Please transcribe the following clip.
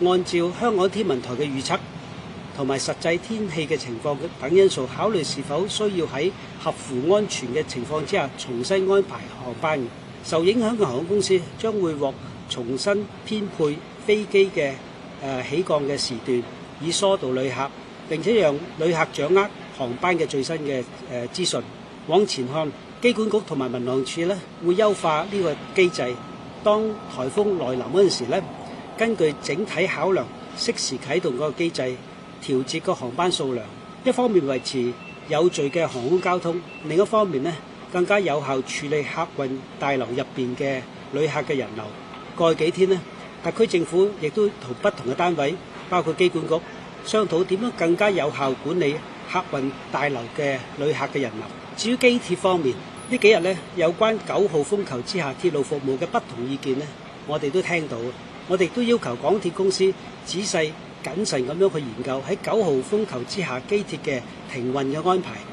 按照香港天文台嘅預測同埋實際天氣嘅情況，等因素，考慮是否需要喺合乎安全嘅情況之下重新安排航班。受影響嘅航空公司將會獲重新編配飛機嘅誒、呃、起降嘅時段，以疏導旅客，並且讓旅客掌握航班嘅最新嘅誒、呃、資訊。往前看，機管局同埋民航處咧會優化呢個機制，當台風來臨嗰陣時咧。根據整體考量，適時啟動個機制，調節個航班數量。一方面維持有序嘅航空交通，另一方面咧更加有效處理客運大樓入邊嘅旅客嘅人流。過去幾天咧，特區政府亦都同不同嘅單位，包括機管局，商討點樣更加有效管理客運大樓嘅旅客嘅人流。至於機鐵方面，呢幾日咧有關九號風球之下鐵路服務嘅不同意見咧，我哋都聽到。我哋都要求港鐵公司仔細謹慎咁樣去研究九號風球之下機鐵嘅停運嘅安排。